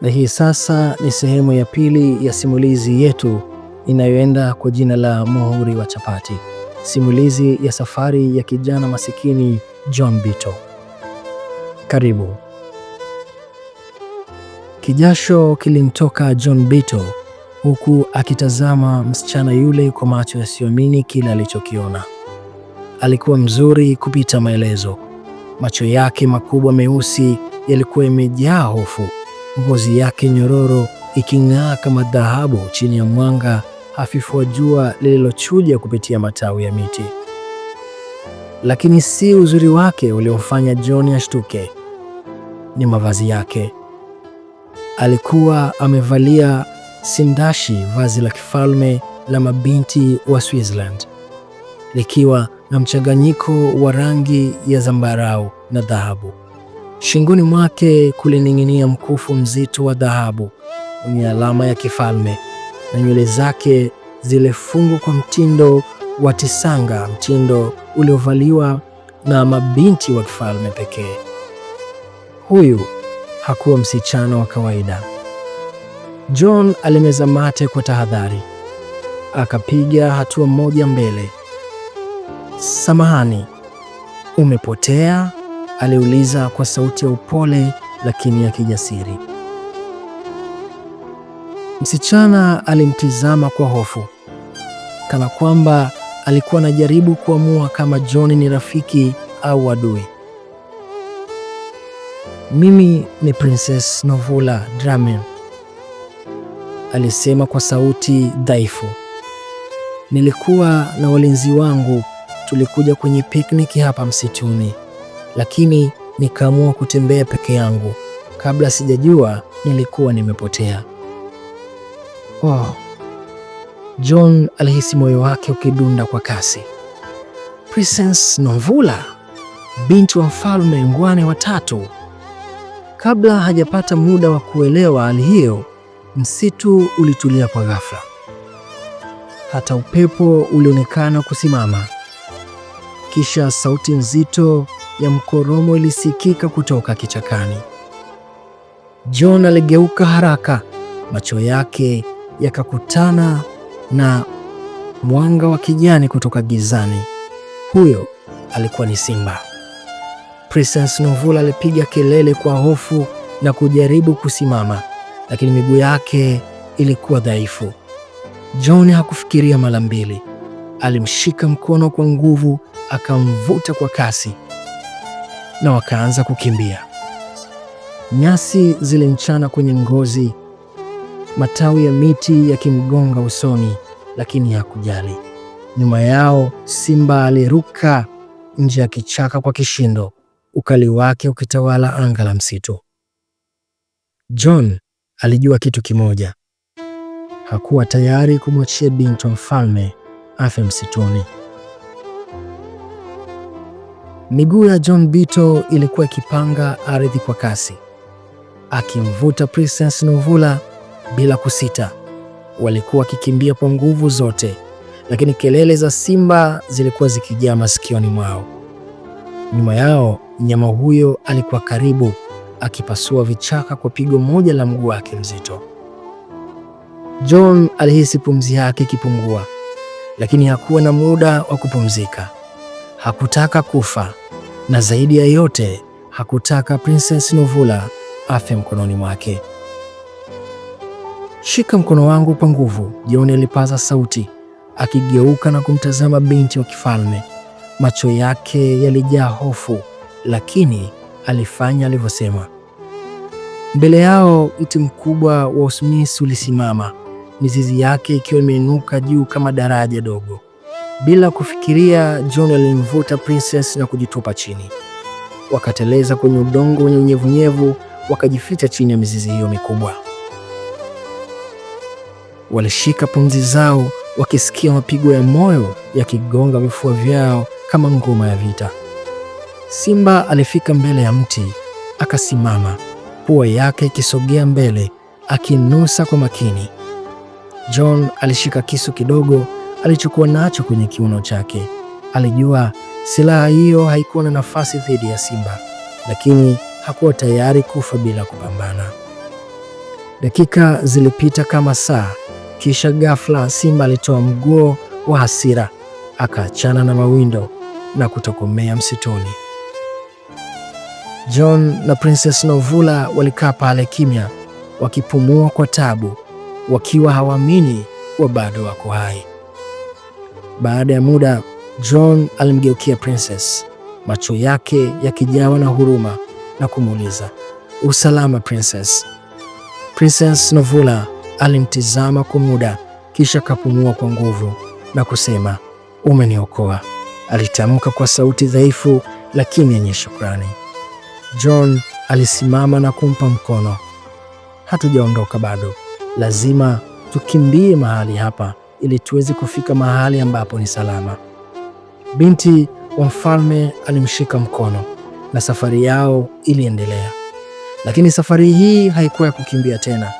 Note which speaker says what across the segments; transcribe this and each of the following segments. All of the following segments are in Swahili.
Speaker 1: na hii sasa ni sehemu ya pili ya simulizi yetu inayoenda kwa jina la Muhuri wa Chapati, simulizi ya safari ya kijana masikini John Bito. Karibu. Kijasho kilimtoka John Bito huku akitazama msichana yule kwa macho yasiyoamini kile alichokiona. Alikuwa mzuri kupita maelezo. Macho yake makubwa meusi yalikuwa yamejaa hofu ngozi yake nyororo iking'aa kama dhahabu chini ya mwanga hafifu wa jua lililochuja kupitia matawi ya miti. Lakini si uzuri wake uliofanya John ashtuke, ni mavazi yake. Alikuwa amevalia sindashi, vazi la kifalme la mabinti wa Switzerland, likiwa na mchanganyiko wa rangi ya zambarau na dhahabu. Shingoni mwake kulining'inia mkufu mzito wa dhahabu wenye alama ya kifalme, na nywele zake zilifungwa kwa mtindo wa tisanga, mtindo uliovaliwa na mabinti wa kifalme pekee. Huyu hakuwa msichana wa kawaida. John alimeza mate kwa tahadhari, akapiga hatua moja mbele. Samahani, umepotea? aliuliza kwa sauti ya upole lakini ya kijasiri. Msichana alimtizama kwa hofu, kana kwamba alikuwa anajaribu kuamua kama John ni rafiki au adui. Mimi ni Princess Novula Dramen, alisema kwa sauti dhaifu. Nilikuwa na walinzi wangu, tulikuja kwenye pikniki hapa msituni lakini nikaamua kutembea peke yangu. Kabla sijajua nilikuwa nimepotea. Oh. John alihisi moyo wake ukidunda kwa kasi. Princess Nomvula, binti wa mfalme Ngwane wa tatu. Kabla hajapata muda wa kuelewa hali hiyo, msitu ulitulia kwa ghafla. Hata upepo ulionekana kusimama. Kisha sauti nzito ya mkoromo ilisikika kutoka kichakani. John aligeuka haraka, macho yake yakakutana na mwanga wa kijani kutoka gizani. Huyo alikuwa ni simba. Presence Novula alipiga kelele kwa hofu na kujaribu kusimama, lakini miguu yake ilikuwa dhaifu. John hakufikiria mara mbili, alimshika mkono kwa nguvu, akamvuta kwa kasi na wakaanza kukimbia. Nyasi zilimchana kwenye ngozi, matawi ya miti yakimgonga usoni, lakini hakujali. Nyuma yao simba aliruka nje ya kichaka kwa kishindo, ukali wake ukitawala anga la msitu. John alijua kitu kimoja: hakuwa tayari kumwachia binto mfalme afe msituni. Miguu ya John Bito ilikuwa ikipanga ardhi kwa kasi, akimvuta Princess Nomvula bila kusita. Walikuwa wakikimbia kwa nguvu zote, lakini kelele za simba zilikuwa zikijaa masikioni mwao. Nyuma yao, mnyama huyo alikuwa karibu, akipasua vichaka kwa pigo moja la mguu wake mzito. John alihisi pumzi yake ikipungua, lakini hakuwa na muda wa kupumzika hakutaka kufa na zaidi ya yote hakutaka Princess Novula afe mkononi mwake. Shika mkono wangu kwa nguvu, Jioni alipaza sauti, akigeuka na kumtazama binti wa kifalme. Macho yake yalijaa hofu, lakini alifanya alivyosema. Mbele yao mti mkubwa wa usmisi ulisimama, mizizi yake ikiwa imeinuka juu kama daraja dogo. Bila kufikiria, John alimvuta Princess na kujitupa chini. Wakateleza kwenye udongo wenye unyevunyevu, wakajificha chini ya mizizi hiyo mikubwa. Walishika pumzi zao, wakisikia mapigo ya moyo yakigonga vifua vyao kama ngoma ya vita. Simba alifika mbele ya mti, akasimama, pua yake ikisogea mbele, akinusa kwa makini. John alishika kisu kidogo alichokuwa nacho kwenye kiuno chake. Alijua silaha hiyo haikuwa na nafasi dhidi ya simba, lakini hakuwa tayari kufa bila kupambana. Dakika zilipita kama saa, kisha ghafla simba alitoa mguo wa hasira, akaachana na mawindo na kutokomea msituni. John na Princess Novula walikaa pale kimya, wakipumua kwa tabu, wakiwa hawaamini wa bado wako hai. Baada ya muda, John alimgeukia Princess, macho yake yakijawa na huruma na kumuuliza, usalama Princess? Princess Novula alimtizama kwa muda, kisha akapumua kwa nguvu na kusema, umeniokoa, alitamka kwa sauti dhaifu lakini yenye shukrani. John alisimama na kumpa mkono. Hatujaondoka bado, lazima tukimbie mahali hapa ili tuweze kufika mahali ambapo ni salama. Binti wa mfalme alimshika mkono na safari yao iliendelea, lakini safari hii haikuwa ya kukimbia tena.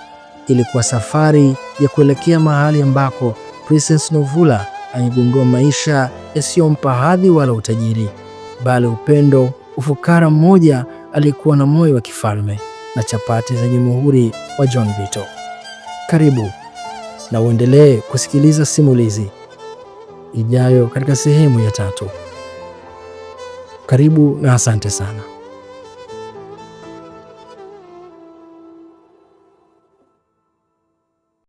Speaker 1: Ilikuwa safari ya kuelekea mahali ambako Princess Novula amegundua maisha yasiyompa hadhi wala utajiri, bali upendo, ufukara mmoja aliyekuwa na moyo wa kifalme na chapati za jamhuri wa John Vito. Karibu na uendelee kusikiliza simulizi ijayo katika sehemu ya tatu. Karibu na asante sana.